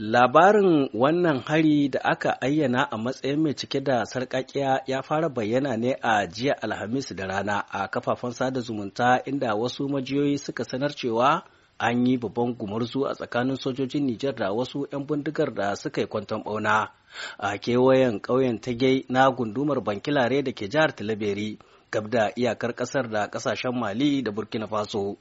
Labarin wannan hari da aka ayyana a matsayin mai cike da sarƙaƙiya ya fara bayyana ne a jiya Alhamis da rana a kafafen sada zumunta inda wasu majiyoyi suka sanar cewa an yi babban gumurzu a tsakanin sojojin Nijar da wasu 'yan bindigar da suka yi kwanton ɓauna a kewayen ƙauyen Tage na gundumar Bankilare da ke jihar Talaberi gab iyakar ƙasar da ƙasashen Mali da Burkina Faso.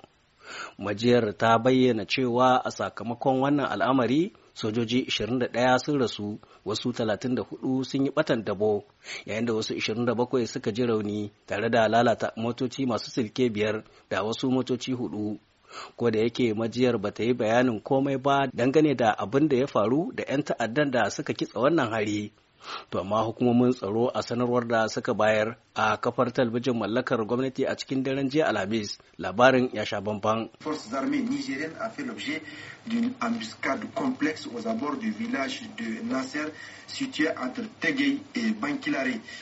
majiyar ta bayyana cewa a sakamakon wannan al'amari sojoji 21 sun rasu wasu 34 sun yi batan dabo yayin da wasu 27 suka ji rauni tare da lalata motoci masu silke biyar da wasu motoci hudu ko da yake majiyar ba ta yi bayanin komai ba dangane da abin da ya faru da 'yan ta'addan da suka kitsa wannan hari to amma hukumomin tsaro a sanarwar da suka bayar a kafar talabijin mallakar gwamnati a cikin daren jiya alhamis labarin ya sha bamban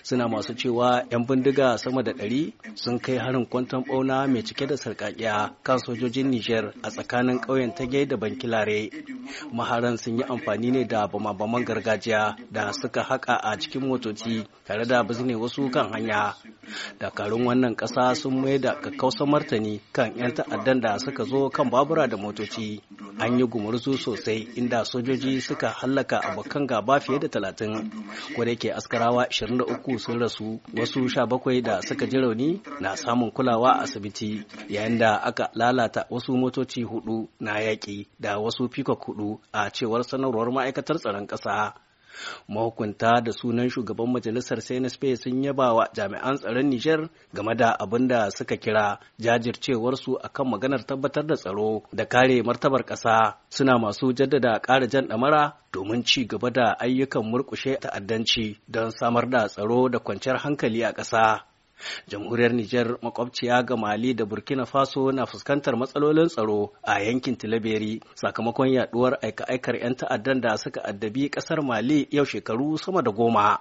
suna masu cewa 'yan bindiga sama da ɗari sun kai harin kwanton ɓauna mai cike da sarƙaƙiya kan sojojin niger a tsakanin ƙauyen tage da bankilare maharan sun yi amfani ne da bama-baman gargajiya da suka haƙa a cikin motoci tare da bizne wasu kan hanya dakarun wannan ƙasa sun mai da kakkausan martani kan 'yan ta'addan da suka zo kan babura da motoci an yi gumurzu sosai inda sojoji suka hallaka abokan gaba fiye da talatin kodayake askarawa 23 sun rasu wasu 17 da suka ji rauni na samun kulawa a asibiti yayin da aka lalata wasu motoci hudu na yaƙi da wasu kuɗi. hudu a cewar sanarwar ma'aikatar tsaron ƙasa. mahukunta da sunan shugaban majalisar space sun yaba wa jami'an tsaron niger game da abin da suka kira jajircewarsu akan maganar tabbatar da tsaro da kare martabar ƙasa suna masu jaddada ƙara jan ɗamara domin ci gaba da ayyukan murƙushe ta'addanci don samar da tsaro da kwanciyar hankali a ƙasa jamhuriyar Nijar makwabciya ga Mali da Burkina Faso na fuskantar matsalolin tsaro a yankin Tilaberi sakamakon yaduwar aika-aikar 'yan ta'addan da suka addabi kasar Mali yau shekaru sama da goma.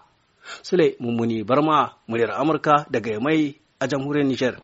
Sule Mummuni Barma, muryar Amurka daga Yamai a jamhuriyar Nijar.